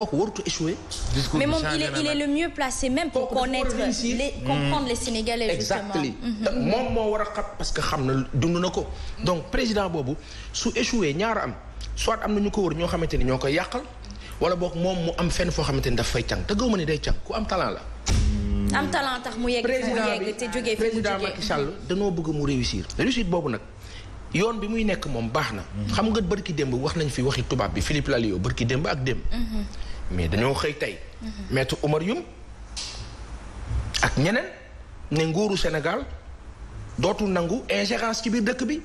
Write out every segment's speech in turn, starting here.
kooku warutu échouer. mais moom il est il est le mieux placé même pour connaître les hmm. comprendre les Sénégalais exactement mhm. moom moo war a xam parce que xam na dund na ko donc président boobu su échouer ñaar am soit am na ñu ko war ñoo xamante ni ñoo koy yàqal wala boog moom mu am fenn foo xamante ni daf fay can te gëw ne day can ku am talent la. am talent tax mu yegg te jógee fi mu jógee président Macky danoo bëgg mu réussir réussite boobu nag. yoon bi muy nekk moom baax na. Hmm. xam nga bërki démb wax nañ fi waxi tubaab bi Philippe Lalliot bërki démb ak démb. Hmm. mais dañoo xëy tey. Mhm. maître Oumar Youm ak ñeneen ne nguuru Sénégal dootul nangu ingérence ci biir dëkk bi.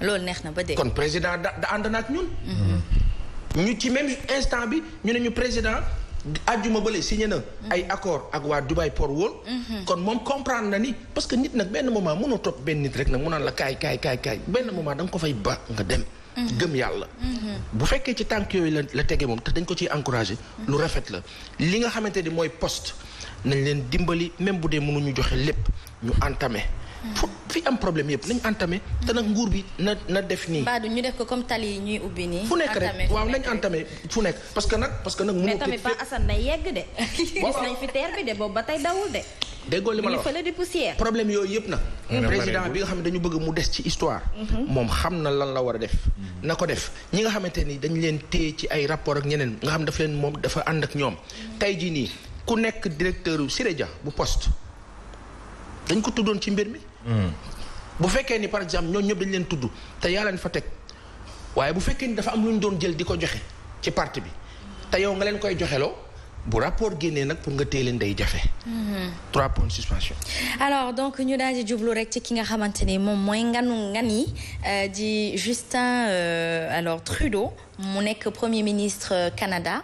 loolu neex na ba dee. kon président da da ànd na ak ñun. Mhm. ñu ci même instant bi ñu ne ñu président àjjuma bële signé na. Mhm. ay accord ak waa Dubai Port World. kon moom comprendre na ni parce que nit nag benn moment mënoo topp benn nit rek nag mu naan la kaay kaay kaay kaay benn moment da ko fay ba nga dem. Mm-hmm. gëm yàlla. Mm-hmm. bu fekkee ci tànk yooyu la la tege moom te dañ ko ciy encouragé. Mm-hmm. lu rafet la li nga xamante ni mooy poste nañ leen dimbali même bu dee mënuñu joxe lépp ñu entamé. fo fi am problème yëpp nañ entamé te nag nguur bi na na def nii. Badou ñu def ko comme tali yi ñuy ubbi nii. fu nekk rek waaw nañ entamé fu nekk parce que nag parce que nag. mënoo mais tamit ba na yegg de. gis boobu ba tey dawul de. déggoo li ma la wax problème yooyu yëpp na président bi nga xam ne dañu bëgg mu des ci histoire. Mhm. moom xam na lan la war a def. Mhm. na ko def ñi nga xamante nii dañ leen téye ci ay rapport ak ñeneen nga xam daf leen moom dafa ànd ak ñoom. Mhm. tey jii nii ku nekk directeur Sirédia bu poste dañ ko tuddoon ci mbir mi. bu fekkee ni par exemple ñooñu ñëpp dañ leen tudd te yaa leen fa teg waaye bu fekkee ni dafa am lu ñu doon jël di ko joxe ci parti bi te yow nga leen koy joxeloo. bu rapport génnee nag pour nga téye leen mhm. trois points de suspension. alors donc ñu daal di jublu rek ci ki nga xamante ni moom mooy nganu ngan yi euh, di Justin euh, alors Trudeau mu nekk premier ministre euh, Canada.